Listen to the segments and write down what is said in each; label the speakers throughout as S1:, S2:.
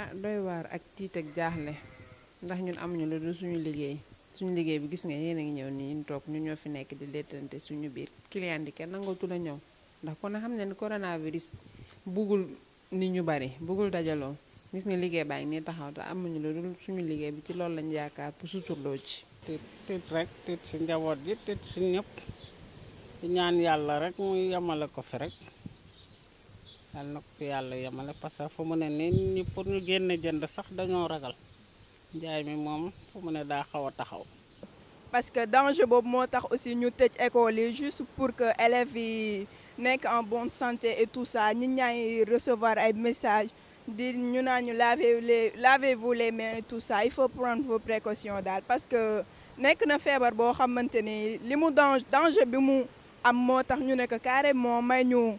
S1: ah doy waar ak tiit ak jaaxle ndax ñun amuñu lu dul suñu liggéey suñu liggéey bi gis nga yéen a ngi ñëw nii ñu toog ñu ñoo fi nekk di leetante suñu biir client yi kenn nangootu la ñëw ndax kon xam ne ni coronavirus buggul nit ñu bari buggul
S2: dajaloo gis nga liggéey baa ngi nii taxaw te amuñu lu dul suñu liggéey bi ci loolu lañ yaakaar pour suturloo ci. tiit tiit rek tiit si njaboot gi tiit si ñëpp ñaan yàlla rek muy yemale ko fi rek. yàlla na ko fi yàlla yemale parce que fu mu ne ni ñi pour ñu génn jënd sax dañoo ragal njaay mi moom fu mu ne daa xaw a
S3: taxaw. parce que danger boobu moo tax aussi ñu tëj école yi juste pour que élèves yi nekk en bonne santé et tout ça ñi ñaay recevoir ay message di ñu naan ñu lavez les lavez-vous les mains et tout ça il faut prendre vos précautions daal parce que nekk na feebar boo xamante ni li mu danger danger bi mu am moo tax ñu ne que carrément may ñu.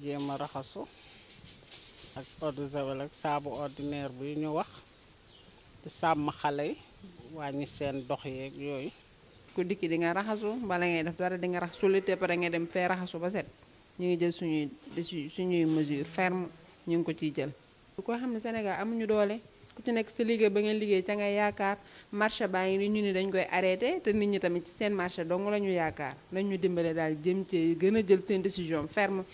S2: jema raxasu ak ordre zawel ak sabu ordinaire bu ñu wax di sam xalé wañi seen dox yeeg yoy ku dikki di nga raxasu bala ngay def dara di nga rax li paré ngay dem fé raxasu ba set
S1: ñi ngi jël suñuy suñuy mesure ferme ñi ngi ko ci jël lu ko xam sénégal amu ñu doolé ku ci nek sa liggéey ba ngeen liggéey ca nga yaakar marché ba ngi ñu ni dañ koy arrêté té nit ñi tamit ci seen marché dong la ñu yaakaar nañ ñu jëm ci gëna jël seen décision ferme